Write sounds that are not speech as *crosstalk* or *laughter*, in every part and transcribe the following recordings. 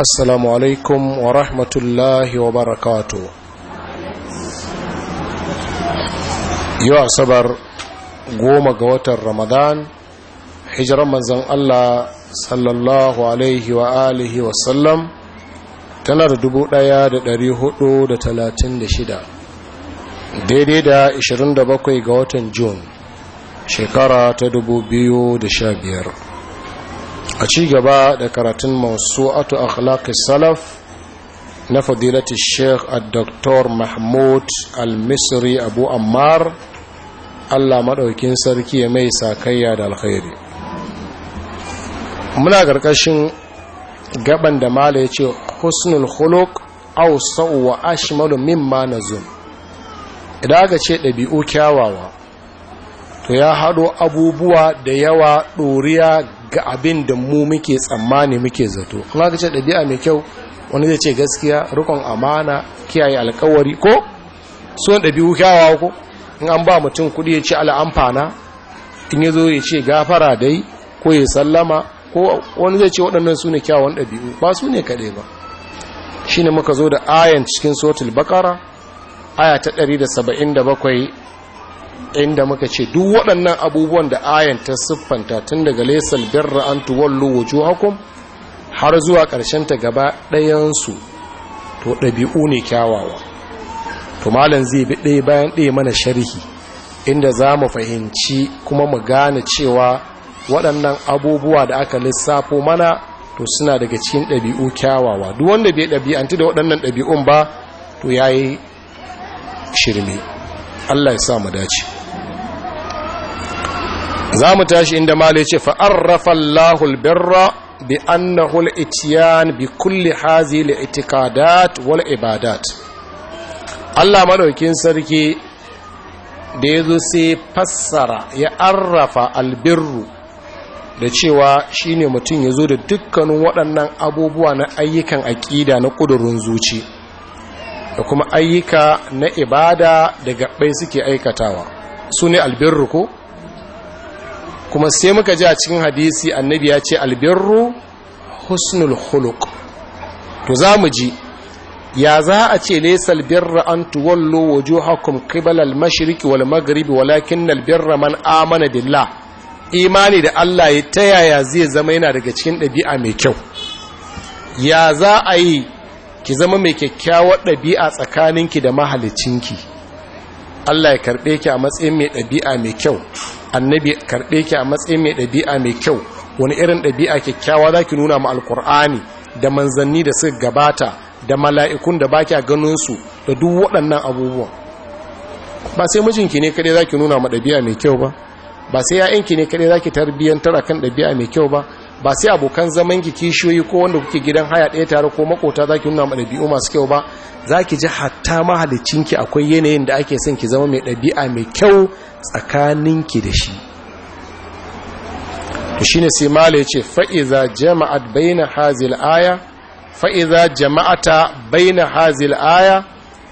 assalamu alaikum wa rahmatullahi wa barakatu yau asabar goma ga watan ramadan hijiran manzan allah sallallahu alaihi wa alihi tana da dubu ɗaya da ɗari hudu da talatin da shida daidai da ishirin da bakwai ga watan Jun shekara ta dubu biyu da sha biyar a ci gaba da karatun masu atu akhlaqi salaf na fadilati sheikh a doktor mahmud al-misri abu ammar allah maɗaukin sarki ya mai sakayya da alkhairi muna ƙarƙashin gaban da mala ya ce husnul khuluq au sa'uwa ashimalu mimma na zun idan aka ce ɗabi'u kyawawa to ya haɗo abubuwa da yawa ɗoriya ga abin da mu muke tsammani muke zato kuma ga ce ɗabi'a mai kyau wani zai ce gaskiya rikon amana kiyaye alkawari ko so ɗabi'u kyawawa ko in an ba mutum kuɗi ya ce al'amfana in ya zo ya ce gafara dai ko ya sallama ko wani zai ce waɗannan su ne kyawawan ɗabi'u ba su ne kaɗai ba shi muka zo da ayan cikin sotul bakara aya ta 177 inda muka ce duk waɗannan abubuwan da ayan ta siffanta tun daga lesal birra an tuwallu hakun. har zuwa ƙarshen ta gaba ɗayansu to ɗabi'u ne kyawawa to malam zai bi ɗaya bayan ɗaya mana sharhi inda za mu fahimci kuma mu gane cewa waɗannan abubuwa da aka lissafo mana to suna daga cikin ɗabi'u kyawawa duk wanda bai ɗabi'anti da waɗannan ɗabi'un ba to ya yi shirme Allah ya sa mu dace za mu tashi inda malai ce fa'arrafa Allahul birra bi annahu al bi kulli hazi al-i'tiqadat wal ibadat Allah maɗaukin sarki da ya zo sai fassara ya arrafa albirru da cewa shine mutum ya zo da dukkanin waɗannan abubuwa na ayyukan aƙida na ƙudurin zuci da kuma ayyuka na ibada da gabbai suke aikatawa su ne albirru ko kuma sai muka ji a cikin hadisi annabi ya ce albirru husnul khuluq to za mu ji ya za a ce laisal birra an tuwallo wujuhakum qibala al-mashriqi wal maghribi walakin al-birra man amana billah imani da Allah ya ta yaya zai zama yana daga cikin ɗabi'a mai kyau ya za a yi ki zama mai kyakkyawar ɗabi'a tsakaninki da mahalicinki Allah ya karɓe ki a matsayin mai ɗabi'a mai kyau annabi karɓe ki a matsayin mai ɗabi'a mai kyau wani irin ɗabi'a kyakkyawa za ki nuna ma alkur'ani da manzanni da suka gabata da mala'ikun da ba a ganinsu da duk waɗannan abubuwan ba sai mijinki ne kaɗai za ki nuna ma ɗabi'a mai kyau ba ba sai ‘ya'yanki ne kaɗai za ki tarbiyyantar a kan ɗabi'a mai kyau ba ba sai abokan zaman ki kishiyoyi ko wanda kuke gidan haya ɗaya tare ko makota za ki nuna ma ɗabi'u masu kyau ba za ki ji hatta mahalicinki akwai yanayin da ake son ki zama mai ɗabi'a mai kyau tsakaninki da shi to shi ne sai mala ya ce fa'iza jama'at baina hazil aya fa'iza jama'ata baina hazil aya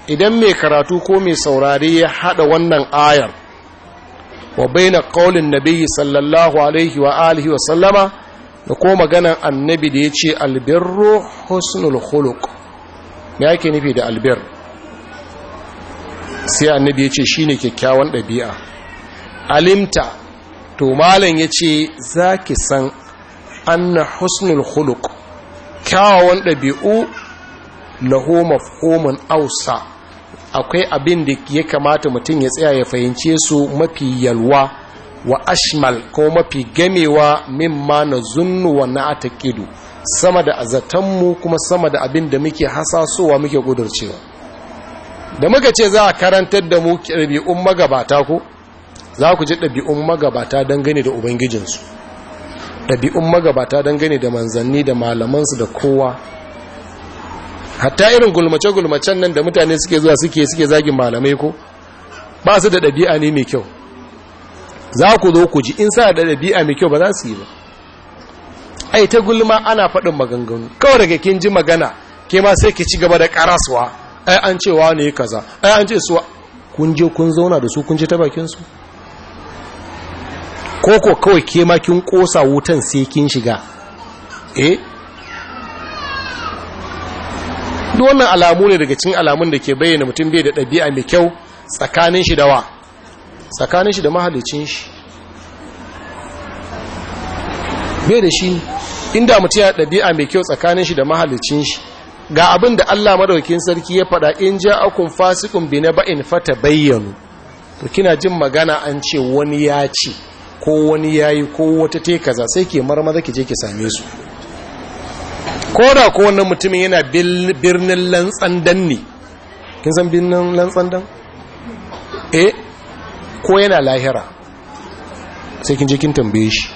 idan mai karatu ko mai saurari ya haɗa wannan ayar wa baina ƙaunin nabi sallallahu alaihi wa alihi wa sallama da ko maganan annabi da ya ce albirru husnul khuluq me yake nufi da albir sai annabi ya ce shi ne kyakkyawan ɗabi'a alimta to malam ya ce za ki san anna husnul khuluq kyawawan ɗabi'u lahu mafhumun ausa akwai abin da ya kamata mutum ya tsaya ya fahimce su mafi yalwa wa ashmal ko mafi gamewa mimma na zunnu wa na atakidu sama da azatanmu kuma sama da abin da muke hasasowa muke kudurcewa da muka ce za a karantar da mu ɗabi'un magabata ko za ku ji ɗabi'un magabata dangane da ubangijinsu ɗabi'un magabata dangane da manzanni da malamansu da kowa hatta irin gulmace-gulmacen nan da mutane suke zuwa suke suke zagin malamai ko ba su da ɗabi'a ne mai kyau za ku zo ku ji in sa da ɗabi'a mai kyau ba za su yi ba ai ta gulma ana faɗin maganganu kawai daga kin ji magana ke ma sai ki ci gaba da karaswa ai an ce ne kaza ai an ce su kun je kun zauna da su kun ji ta bakin su ko ko kawai ke ma kin kosa wutan sai kin shiga eh duk wannan alamu ne daga cikin alamun da ke bayyana mutum bai da ɗabi'a mai kyau tsakanin shi da wa tsakanin shi da mahalicin shi bai da shi inda mutum ya ɗabi'a mai kyau tsakanin shi da mahalicin shi ga abin da Allah madaukin sarki ya faɗa in ja ja'akum fasikun bi fata bayyano to kina jin magana an ce wani ya ce ko wani ya yi, ko wata te kaza sai ke marmaza ki je ki same su ko da ko wannan mutumin yana birnin dan ne kin san birnin dan? eh ko yana lahira sai kin je kin tambaye shi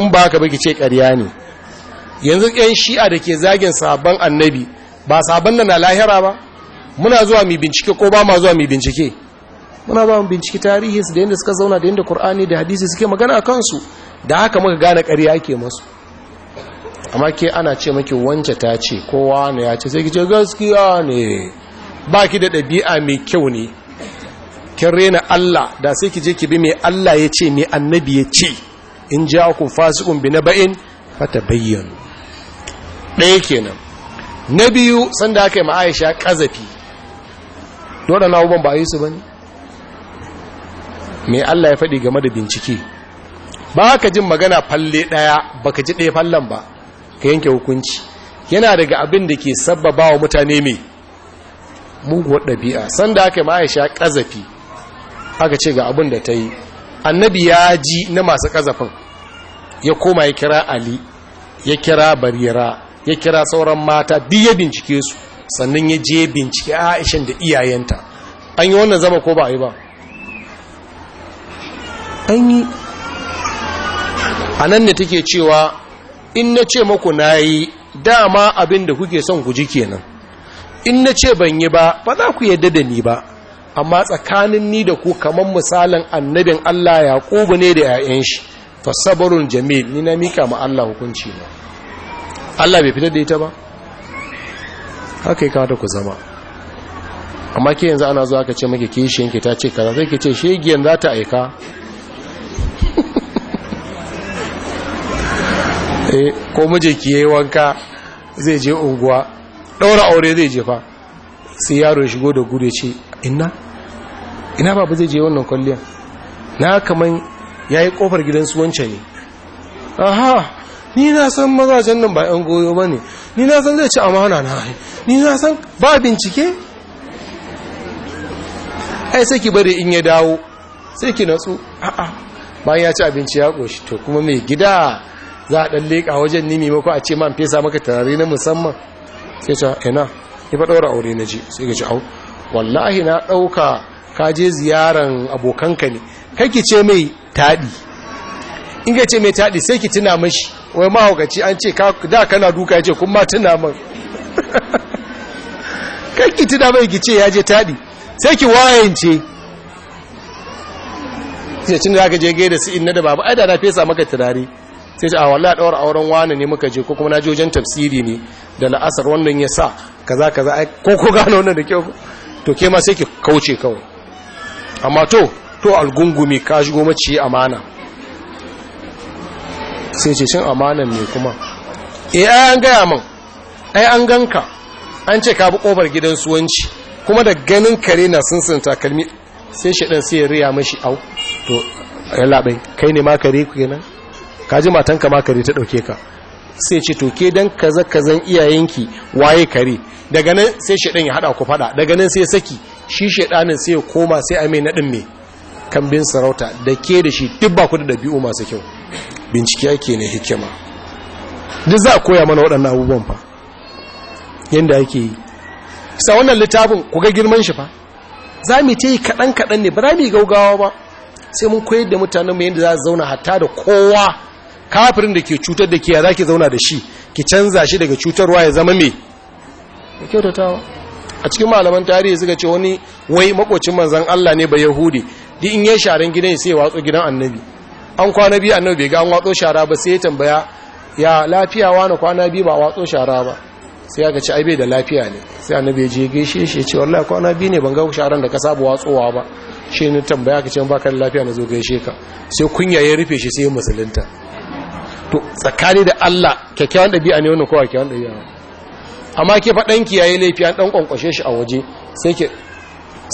in ba ka baki ce ƙarya ne yanzu ƴan shi'a da ke zagin sabon annabi ba sabon nan na lahira ba muna zuwa mai bincike ko ba ma zuwa mai bincike muna ba mu bincike tarihi su da yadda suka zauna da yadda Kur'ani da hadisi suke magana a kansu da haka muka gane ƙarya ake masu amma ke ana ce maki wance ta ce kowa ne ya ce sai ki ce gaskiya ne ba ki da ɗabi'a mai kyau ne kin rena Allah da sai ki je ki bi mai Allah ya ce mai annabi ya ce in ja'akum fasiqun bi naba'in fatabayyanu ɗaya kenan na biyu sanda aka yi ma Aisha kazafi dole na uban ba yi su bane mai Allah ya faɗi game da bincike ba ka jin magana falle ɗaya ka ji ɗaya fallan ba ka yanke hukunci yana daga abin da ke sabbaba wa mutane mai muguwar ɗabi'a sanda aka yi ma Aisha kazafi aka ce ga abin da ta yi annabi ya ji na masu ƙazafin ya koma ya kira ali ya kira barira ya kira sauran mata duk ya bincike su sannan ya je bincike aishan da iyayenta an yi wannan zama ko ba a yi ba an yi a nan ne take cewa in na ce maku na yi dama abin da kuke son guji kenan in na ce ban yi ba ba za ku yadda da ni ba amma tsakanin ni da ku kamar misalin annabin Allah yaqubu ne da 'ya'yan shi fa sabrun jamil ni na mika ma Allah hukunci ba Allah bai fitar da ita ba haka ya kamata ku zama amma ke yanzu ana zuwa ka ce maka shi ki ta ce kaza sai ki ce shegiyan za ta aika *laughs* eh ko muje ki yi wanka zai je unguwa daura aure zai je fa sai yaro shigo da gudu ya ce inna ina babu zai je wannan kwalliyar na kaman ya yi kofar gidansu wancan ne aha ni na san mazajen nan ba 'yan goyo ba ne ni na san zai ci amana na ni na san ba bincike ai sai ki bari in ya dawo sai ki natsu a'a bayan ya ci abinci ya koshi to kuma mai gida za a ɗan leƙa wajen nimi mako a ce ma fesa maka tarare na musamman sai ta ina ya faɗaura aure na ji sai ga ci au wallahi na ɗauka ka je ziyaran abokanka ne ki ce mai taɗi in ka ce mai taɗi sai ki tuna mashi wai mahaukaci an ce da kana duka ya ce kuma tuna man *laughs* ki tuna mai ki ce ya je taɗi sai ki wayance sai cin da aka je gaida su inna da babu ai da na fesa maka turare sai ce a wallahi daura auren wani ne muka je ko kuma na je wajen tafsiri ne da la'asar wannan ya sa kaza kaza ai ko ko gano wannan da kyau to ke ma sai ki kauce kawai amma to to algungumi ka shigo mace amana sai ce cin amanan ne kuma eh ai an gaya min ai an ganka an ce ka bi kofar gidan suwanci kuma da ganin kare na sun takalmi sai shi dan sai ya riya mashi au to bai kai ne ma kare ku kenan ka ji matanka ma kare ta ɗauke ka sai ce to ke dan kaza kazan iyayenki waye kare daga nan sai shi dan ya haɗa ku faɗa daga nan sai saki shi shaidanin sai ya koma sai a mai naɗin mai kambin sarauta da ke da shi duk ba ku da dabi'u masu kyau bincike ke ne hikima duk za a koya mana waɗannan abubuwan fa yadda ake yi sa wannan littafin ku ga girman shi fa za mu ta yi kaɗan-kaɗan ne ba za mu yi gaugawa ba sai mun koyar da mutanenmu yadda za su zauna hatta da kowa kafirin da ke cutar da ke ya za ki zauna da shi ki canza shi daga cutarwa ya zama mai a cikin malaman tarihi suka ce wani wai makocin manzan Allah ne ba yahudi di in yi sharan gidan sai watso gidan annabi an kwana biyu annabi bai ga an watsu shara ba sai ya tambaya ya lafiya wani kwana biyu ba watsu shara ba sai ya gaci aibe da lafiya ne sai annabi ya je gaishe shi ya ce wallahi kwana biyu ne ban ga sharan da ka saba watsowa ba shi ne tambaya ka ce ba ka lafiya na zo gaishe ka sai kunya ya rufe shi sai musulunta to tsakani da Allah kyakkyawan dabi'a ne wannan kowa kyakkyawan dabi'a amma ke faɗanki ya yi laifi an ɗan ƙwanƙwashe shi a waje sai ke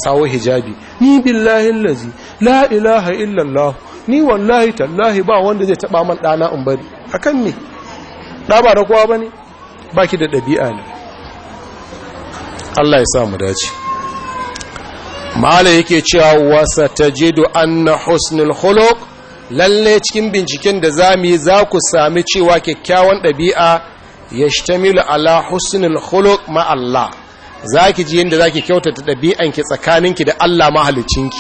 sawo hijabi ni billahi lazi la ilaha illallah ni wallahi tallahi ba wanda zai taɓa man ɗana in bari a kan ne ɗa ba da kowa ba ne ba ki da ɗabi'a ne Allah ya sa mu dace ma'ala yake cewa wasa ta jido an na husnul huluk lalle cikin binciken da za mu yi za ku sami cewa kyakkyawan ɗabi'a yashtamilu ala husnul khuluq ma Allah zaki ji yanda zaki kyautata tsakanin tsakaninki da Allah mahalicinki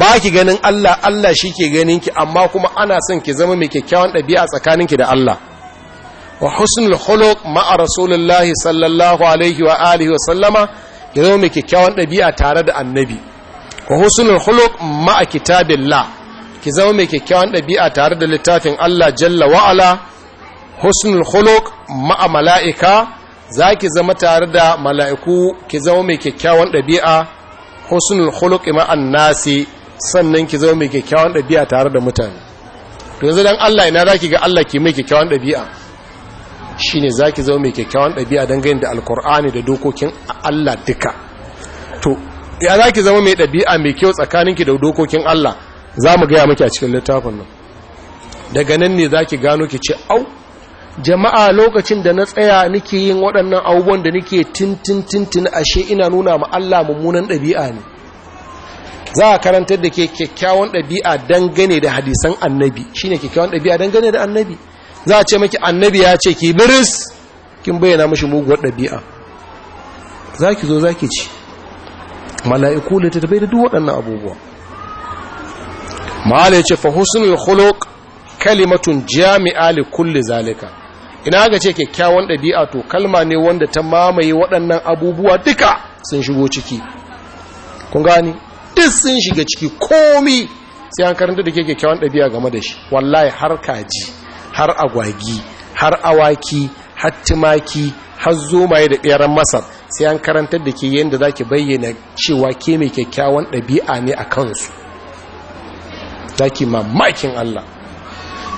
ba ki ganin Allah Allah shi ke ganin ki amma kuma ana son ki zama mai kyakkyawan ɗabi'a tsakaninki da Allah wa husnul khuluq ma'a rasulullahi sallallahu alaihi wa alihi wa sallama ki zama mai kyakkyawan ɗabi'a tare da annabi wa husnul khuluq ma'a kitabillah ki zama mai kyakkyawan ɗabi'a tare da littafin Allah jalla wa ala husnul khuluq ma'a mala'ika zaki zama tare da mala'iku ki zama mai kyakkyawan ɗabi'a husnul khuluq ma nasi sannan ki zama mai kyakkyawan ɗabi'a tare da mutane to yanzu dan Allah ina zaki ga Allah ki mai kyakkyawan ɗabi'a shine zaki zama mai kyakkyawan ɗabi'a dangane da alkur'ani da dokokin Allah duka to ya zaki zama mai ɗabi'a mai kyau tsakaninki da dokokin Allah za mu gaya maki a cikin littafin nan daga nan ne zaki gano ki ce au jama'a lokacin da na tsaya nake yin waɗannan abubuwan da nake tintin ashe ina nuna ma Allah mummunan ɗabi'a ne za a karantar da ke kyakkyawan ɗabi'a dangane da hadisan annabi Shi ne kyakkyawan ɗabi'a dangane da annabi za a ce maki annabi ya ce ki biris kin bayyana mashi muguwar ɗabi'a za ki zo za ki ci mala'iku littattafai da duk waɗannan abubuwa ma'ala ya ce fa husnul khuluq kalimatun jami'a li kulli zalika ina ga ce kyakkyawan ɗabi'a to kalma ne wanda ta mamaye waɗannan abubuwa duka sun shigo ciki kun gani duk sun shiga ciki komi sai an karanta da ke kyakkyawan ɗabi'a game da shi wallahi har kaji har agwagi har awaki har timaki har zomaye da ɓeran masar sai an karanta da ke yadda za ki bayyana cewa ke mai kyakkyawan ɗabi'a ne a kansu ta ki mamakin Allah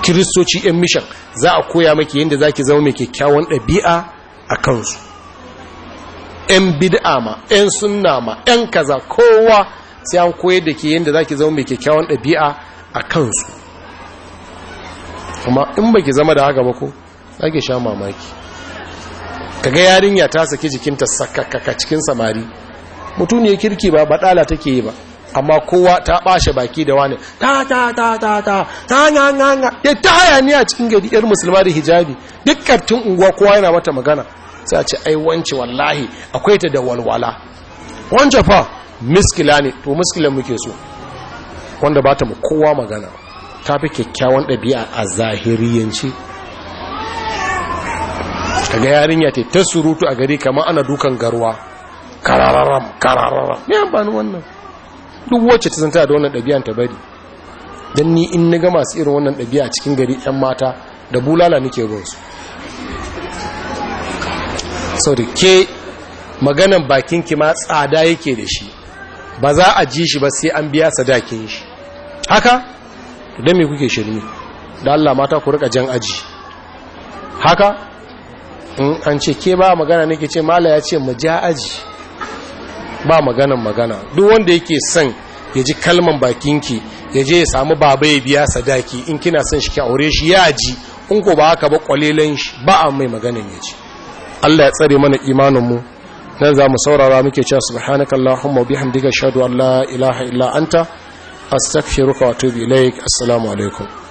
kiristoci 'yan mishan za a koya maki yadda za ki zama mai kyakkyawan ɗabi'a a kansu 'yan bid'a ma 'yan sunna ma 'yan kaza kowa sai an koya da ke yadda za ki zama mai kyakkyawan ɗabi'a a kansu kuma in ba ki zama da haka ba ko za ki sha mamaki kaga yarinya ta saki jikinta sakakaka cikin samari mutum ne kirki ba ba ɗala take yi ba amma kowa ta bashe baki da wani ta ta ta ta ta ta nga nga nga ya ta hayaniya cikin gari yar musulma da hijabi duk kartin unguwa kowa yana mata magana sai a ce ai wance wallahi akwai ta da walwala wance fa miskila ne to miskila muke so wanda ba ta mu kowa magana ta fi kyakkyawan ɗabi'a a zahiriyanci ga yarinya ta ta surutu a gari kamar ana dukan garwa karararam karararam ne amfani wannan duk wacce ta zanta da wannan ɗabi'an ta bari don ni in na ga masu irin wannan ɗabi'a cikin gari 'yan mata da bulala nake gunsu sau da ke maganan bakin kima tsada yake da shi ba za a ji shi ba sai an biya sadakin shi haka don me kuke shirme da Allah mata ku rika jan aji haka in an ce ke ba magana nake ce mala ya ce mu ja aji ba maganan magana duk wanda yake son ya ji kalman bakinki ya je ya samu baba ya biya sadaki in kina son shi ki aure shi ya ji in ko ba haka ba kwalelan shi ba a mai maganan ya ji Allah ya tsare mana imanin mu nan za mu saurara muke cewa subhanakallahumma wa bihamdika ashhadu an la ilaha illa anta astaghfiruka wa atubu ilaik assalamu alaikum